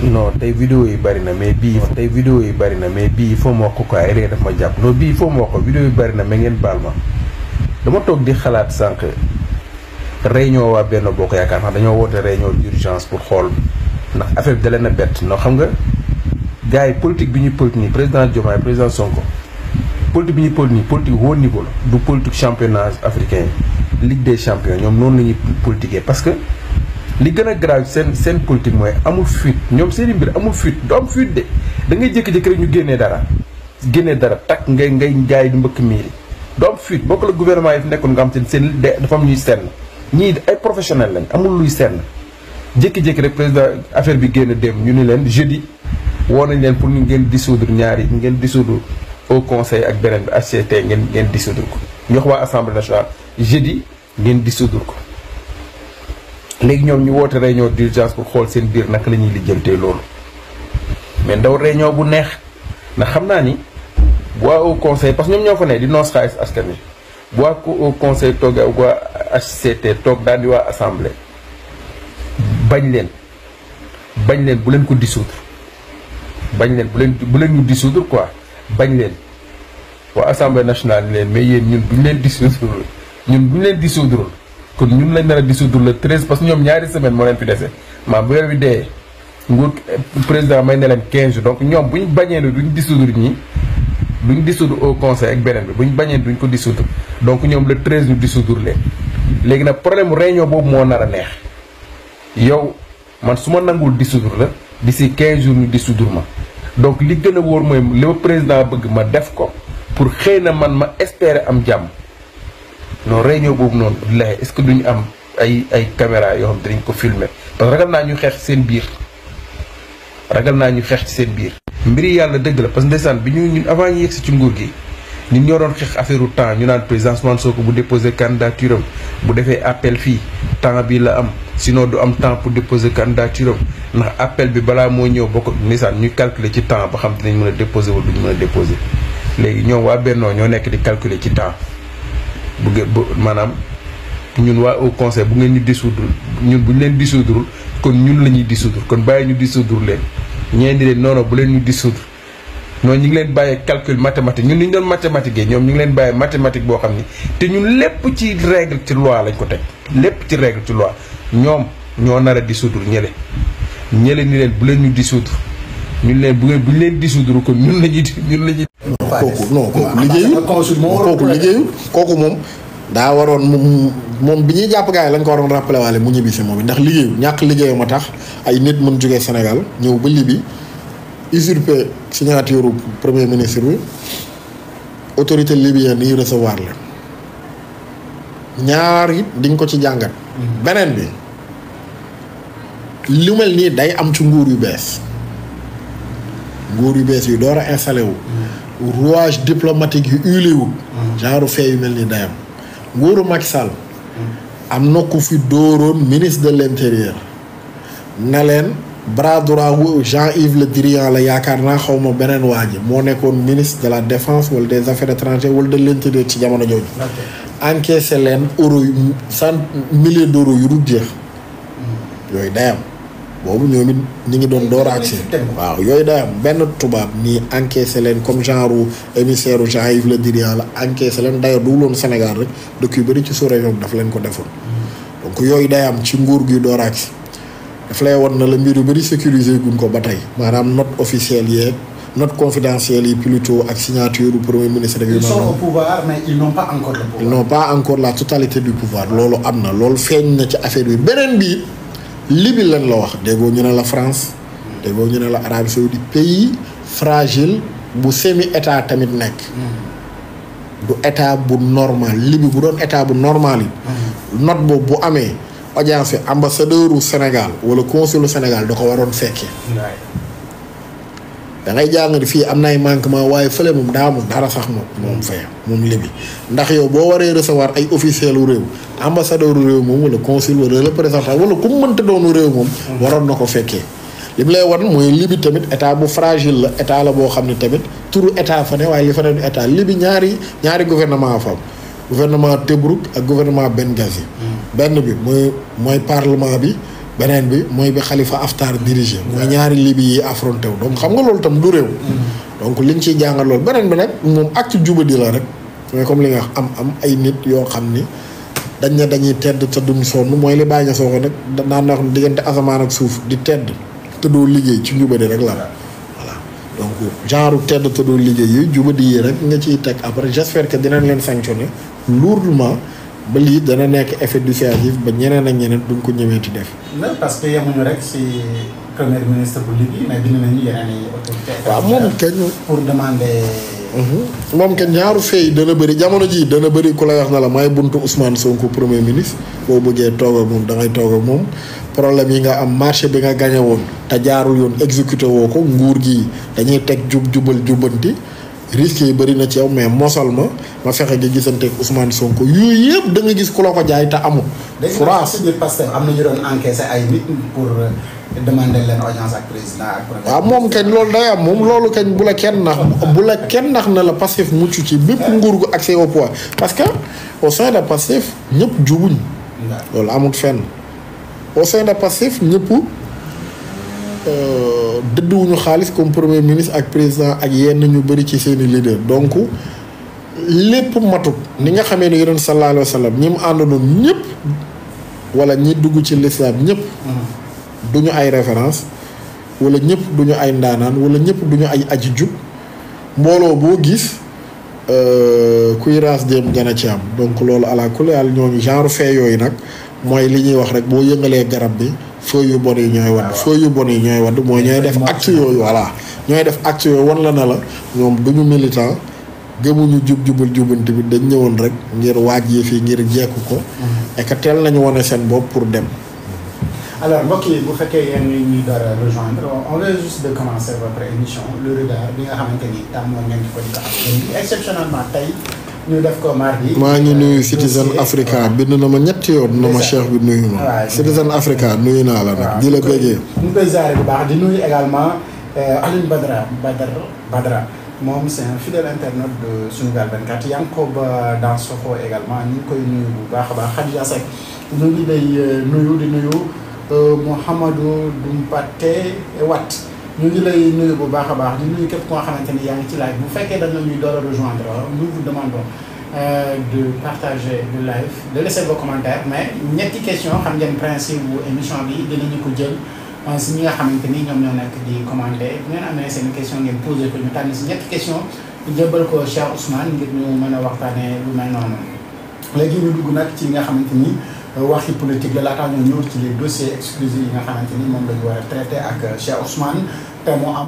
no tey vidéo yi bëri na mais bii tey vidéo yi bëri na mais bii foo ma wax ko quoi erreur daf ma jàpp non bii foo ma wax ko vidéo yi bëri na mais ngeen baal ma dama toog di xalaat sànq réunion waa benn bokk yaakaar ndax dañoo woote réunion d'urgence pour xool ndax affaire bi na leen a bett noo xam nga gars yi bi ñuy politique nii président Diomaye président Sonko politique bi ñuy politique nii politique haut niveau la du politique championnat africain ligue des champions ñoom noonu la ñuy parce que li gën a grave seen seen politique mooy amul fuite ñoom seeni i mbir amul fuite du am fuite de da ngay jékki-jékki rek ñu génnee dara génnee dara takk ngay ngay jaay di mbëkk miiri du am fuite bokk la gouvernement yi fi nekkoon nga xam te ne seen dafa am ñuy senn ñii ay professionnel lañ amul luy senn jékki-jékki rek président affaire bi génn dem ñu ni leen jeudi woo nañ leen pour ñu ngeen dissoudre ñaari ngeen dissoudre au conseil ak beneen bi HCT ngeen ngeen dissoudre ko ñu wax waa assemblée nationale jeudi ngeen dissoudre ko léegi ñoom ñu woote réunion d'urgence pour xool seen biir naka la ñuy lijjantee loolu mais ndaw réunion bu neex ndax xam naa ni waa au conseil parce que ñoom ñoo fa ne di noos xaalis askan wi bu waa au conseil toog ak waa HCT toog daal di waa assemblée bañ leen bañ leen bu leen ko dissoudre bañ leen bu leen bu leen ñu dissoudre quoi bañ leen waa assemblée nationale leen mais yeen ñun bu ñu leen dissoudre ñun bu ñu leen dissoudre kon ñun lañ nar a dissoudre le 13 parce que ñoom ñaari semaine moo leen fi dese maam bu weer bi dee nguur président may ne leen quinze jours donc ñoom bu ñu bañee ne duñ dissoudre ñi duñ dissoudre au conseil ak beneen bi bu ñu bañee duñ ko dissoudre donc ñoom la 13 ñu dissoudre leen. léegi nag problème mu réunion boobu moo nar a neex yow man su ma nangul dissoudre la d'ici quinze jours ñu dissoudre ma donc li gën a wóor mooy li ma président bëgg ma def ko pour xëy na man ma espérer am jàmm. rey réunion boobu noonu billahi est-ce que duñu am ay ay yoo xam dinañ ko filmer parce que ragal naa ñu xeex seen biir ragal naa ñu xeex ci seen biir. mbiri yàlla dëgg la parce que ndeysaan bi ñu ñun avant yegsi ci nguur gi ñun ñoo doon xeex affaire u temps ñu naan président Ousmane Sonko bu déposé candidature am bu defee appel fii temps bii la am sinon du am temps pour déposer candidature am ndax appel bi balaa moo ñëw bokk ndeysaan ñu calculer ci temps ba xam dinañ mën a déposer wala duñ mën a déposer léegi ñoom waa Bennoo ñoo nekk di calculer ci temps. bu ngeen bu maanaam ñun waa au conseil bu ngeen ñu dissoudre ñun bu ñu leen dissoudre kon ñun la ñuy dissoudre kon bàyyi ñu dissoudre leen. ñeen di leen noonu bu leen ñu dissoudre noonu ñu ngi leen bàyyee calcul mathématique ñun ni ñu doon mathématique ñoom ñu ngi leen bàyyee mathématique boo xam ni te ñun lépp ci règle ci loi lañ ko teg lépp ci règle ci loi ñoom ñoo nar a dissoudre ñële ñële ni leen bu leen ñu dissoudre. ñun bu ngeen bu ñu leen dissoudre ko ñun la ñuy ñun la ñuy. kooku non kooku liggéeyul kooku moom. daa waroon moom moom bi ñuy jàpp gars yi lañ ko waroon rappelé mu ñibbi si moom it ndax liggéeyu ñàkk liggéeyu ma tax ay nit mën jóge Sénégal ñëw ba Libye usurpé signature premier ministre bi autorité libyenne yi recevoir la ñaar it di ko ci jàngat. Mm-hmm. beneen bi lu mel nii day am ci nguur yu bees. nguur yu bees yu door a installé wu. rouage diplomatique yu huilé wu. genre fee yu mel ni dayam nguuru Macky Sall. am na ku fi dóoroon ministre de l' na leen bras droit wu Jean-Yves Le Drian la yaakaar naa xaw ma beneen waa ji moo nekkoon ministre de la défence wala des affaires étrangères wala de l' intérieur ci jamono jooju. encaissé leen euro yu milliers d' yu dul jeex. yooyu dayam boobu ñoo ngi ñu ngi doon door a waaw yooyu day benn tubaab nii encaissé leen comme genre émissaire u Jean-Yves Le Drian la encaissé leen d'ailleurs duguloon Sénégal rek dëkk yu bëri ci sous-région dafa leen ko defoon donc yooyu day am ci nguur gi door a agsi daf lay won na la mbir yu bëri sécuriser guñ ko ba tey maanaam note officielle yee not confidentielle yi plutôt ak signature du premier ministre. ils sont au pouvoir mais ils n'ont la totalité du pouvoir loolu am na loolu feeñ na ci affaire bi beneen bi. libi lañ la wax déggoo ñu ne la France déggoo ñu ne la Arabie Saoudite pays fragile bu semi état tamit nekk. du état bu normal libi bu doon état bu normal yi. note boobu bu amee audience ambassadeur u Sénégal wala consul u Sénégal da ko waroon fekkee. dangay ngay jàng di fii am na ay manquement waaye fële moom daa amul dara sax moom moom fay moom libi ndax yow boo waree recevoir ay officiel wu réew ambassadeur u réew moom wala consul wala représentant wala ku mu mënta doonu réew moom waroon na ko fekkee mu lay wan mooy libi tamit état bu fragile la état la boo xam ne tamit turu état fa ne waaye li fa ne du état libi ñaari ñaari gouvernement fa gouvernement Tebrouk ak gouvernement Benghazi hmm. benn bi mooy mooy parlement bi beneen bi mooy bi Khalifa Haftar dirigé mooy ñaari libi yi affronté donc xam nga loolu tam du réew donc liñ ciy jàngal loolu beneen bi nag moom acte jubadi la rek mooy comme li nga am am ay nit yoo xam ni dañ ne dañuy tedd te duñ sonn mooy li bàyyi soo ko nag naan na xam diggante asamaan ak suuf di tedd te doo liggéey ci njubadi rek la voilà donc genre tedd te doo liggéey yooyu jubadi yi rek nga ciy teg après j'espère que dinañ leen sanctionner lourdement ba lii dana nekk effet dissuasif ba ñeneen ak ñeneen duñ ko ñëwee di def. parce que yemuñu rek si premier waaw moom kenn pour demander. Mhm. moom kenn ñaaru fee dana bëri jamono ji dana bëri ku la wax na la may buntu Ousmane Sonko premier ministre boo bëggee toog ak moom dangay toog moom problème yi nga am marché bi nga gañe woon te jaarul yoon exécuté woo ko nguur gi dañuy teg jub jubal jubbanti. risque yi bëri na ci yow mais mosal ma ma fexe nga gisante ak Ousmane Sonko yooyu yëpp da nga gis ku la ko jaay te amul. France léegi Pastef am na ñu doon encaissé ay euh, leen audience ak président ak. waaw moom kañ loolu day am moom loolu kañ bu la kenn nax bu la kenn nax na la Pastef mucc ci bépp nguur gu ak au pouvoir parce que au sein de Pastef ñëpp jubuñ. loolu amul fenn au sein de Pastef euh, dëdduwuñu xaalis comme premier ministre ak président ak yenn ñu bëri ci seeni leader donc lépp matut ni nga xamee ni yonent sallallahu alayhi wa sallam ñi mu àndanoon ñëpp wala ñi dugg ci lislaam ñëpp duñu ay référence wala ñëpp duñu ay ndaanaan wala ñëpp duñu ay aji jub mbooloo boo gis euh, kuy raas jéem gën a ci am donc loolu ala kulli ñooñu genre fee yooyu nag mooy li ñuy wax rek boo yëngalee garab bi feu yu bon yi ñooy wadd feu yu bon yi ñooy wadd moo ñooy def acte yooyu voilà ñooy def acte yooyu wan la ne la ñoom duñu militant gëmuñu jub jubal jubanti bi dañ ñëwoon rek ngir waaj yi fii ngir jekku ko mm-hmm. et que teel nañu wane seen bopp pour dem mm-hmm. alors mbokk bu fekkee yéen ñi ñuy a xamante ni tàmmoon ko ñu def ko mardi. maa ngi nuyu euh, Citizen Africa bind na ma ñetti yoon. na ma cheikh bi nuyu ma. Citizen Africa nuyu naa la nag. di la euh, bëggee. ñu koy ziare bu baax di nuyu également euh, Alioune Badara Badara Badara moom c'est un fidèle internaute de Sunugal 24 Yankoba Dansokho également ñu ngi koy nuyu bu baax a baax Khadija Seck ñu ngi lay nuyu di nuyu Mouhamadou Dumpate Wat. ñu ngi lay nuyu bu baax a baax di nuyu képp koo xamante ni yaa ngi ci live bu fekkee dañ la ñuy door a rejoindre euh, de le live de mais ñetti question xam ngeen principe bu émission bi dinañu ko jël euh, si ñi nga xamante ni ñoom ñoo nekk di commenter bu ngeen amee seen question ngeen posé ko ñu tànn si ñetti question ko Cheikh Ousmane ngir ñu mën a waxtaanee lu mel noonu léegi ñu dugg nag ci nga xamante ni. waxi politique la laataa ñu ñëw ci les dossiers exclusifs yi nga xamante ni moom la ñu war a traité ak Cheikh Ousmane te mu am.